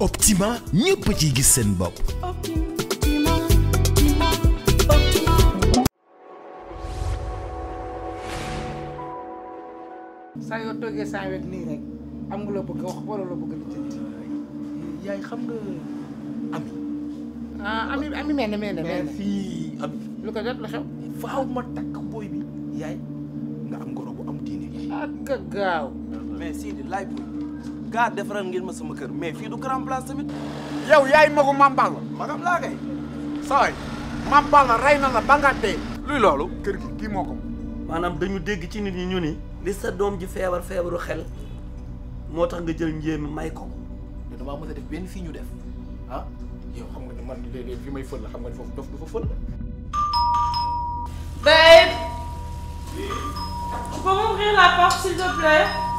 Optima ñëpp ci gis seen bopp. saa yoo toogee saa wet nii rek am nga loo bëgg wax wala loo bëgg di jënd. yaay xam nga ami. ah ami ami mel na mel na mel ami. lu ko jot la xew. faaw ma takk booy bi. yaay nga am goro bu am diine. ak ah, gaaw. mais Sidi laay gaa defaral ngeen ma sama kër mais fii du grand place tamit. yow yaay magu Mame Balla. magam laa kay. saa yi Mame Balla rey na la ba nga dee. luy loolu kër gi kii moo ko. maanaam dañu dégg ci nit ñi ñu ni. li sa doom ji feebar feebaru xel moo tax nga jël njéem may ko. te damaa mën a def benn fii ñu def ah yow xam nga ne man léeg fi may fël la xam nga ne foofu dof du fa fël. Babe. Tu peux m'ouvrir la porte